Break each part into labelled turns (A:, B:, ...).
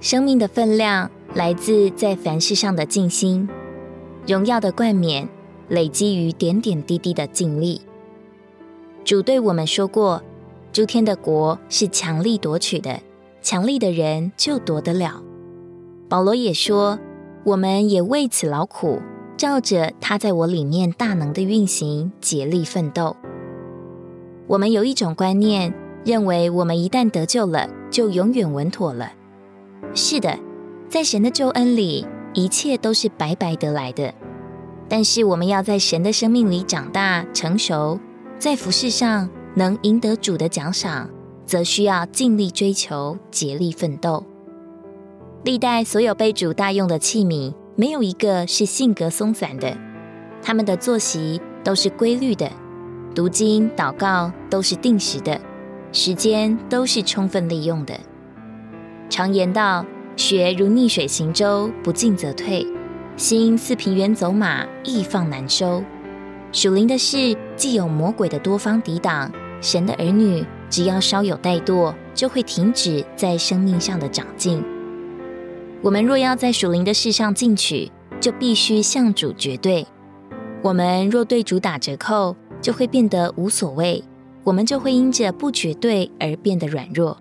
A: 生命的分量來自在凡事上的盡心，榮耀的冠冕累積於點點滴滴的盡力。主對我們說過：“諸天的國是強力奪取的，強力的人就奪得了。”保羅也說：“我們也為此勞苦，照着他在我裡面大能的運行，竭力奮鬥。”我們有一種觀念，認為我們一旦得救了，就永遠穩妥了。是的，在神的救恩裡，一切都是白白得來的。但是，我們要在神的生命裡長大成熟，在服事上能贏得主的獎賞，則需要盡力追求，竭力奮鬥。歷代所有被主大用的器皿，沒有一個是性格鬆散的，他們的作息都是規律的，讀經、禱告都是定時的，時間都是充分利用的。常言道，學如逆水行舟，不進則退；心似平原走馬，易放難收。屬靈的事，既有魔鬼的多方抵擋，神的兒女只要稍有怠惰，就會停止在生命上的長進。我們若要在屬靈的事上進取，就必須向主絕對。我們若對主打折扣，就會變得無所謂；我們就會因着不絕對而變得軟弱。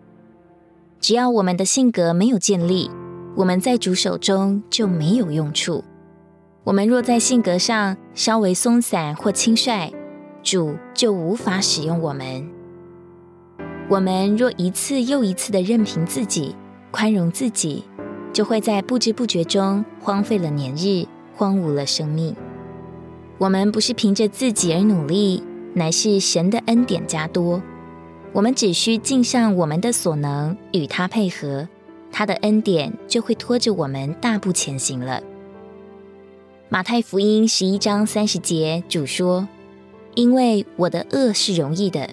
A: 只要我們的性格沒有建立，我們在主手中就沒有用處。我們若在性格上稍微鬆散或輕率，主就無法使用我們。我們若一次又一次的任憑自己，寬容自己，就會在不知不覺中荒廢了年日，荒蕪了生命。我們不是憑着自己而努力，乃是神的恩典加多。我們只需盡上我們的所能與他配合，他的恩典就會拖着我們大步前行了。馬太福音十一章三十節，主說：“因為我的軛是容易的，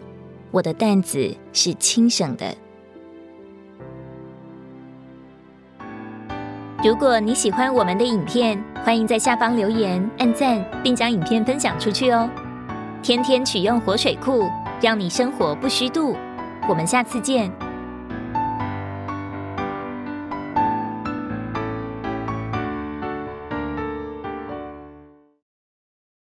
A: 我的擔子是輕省的。”如果你喜歡我們的影片，歡迎在下方留言、按讚，並將影片分享出去哦！天天取用活水庫。讓你生活不虛度，我們下次見。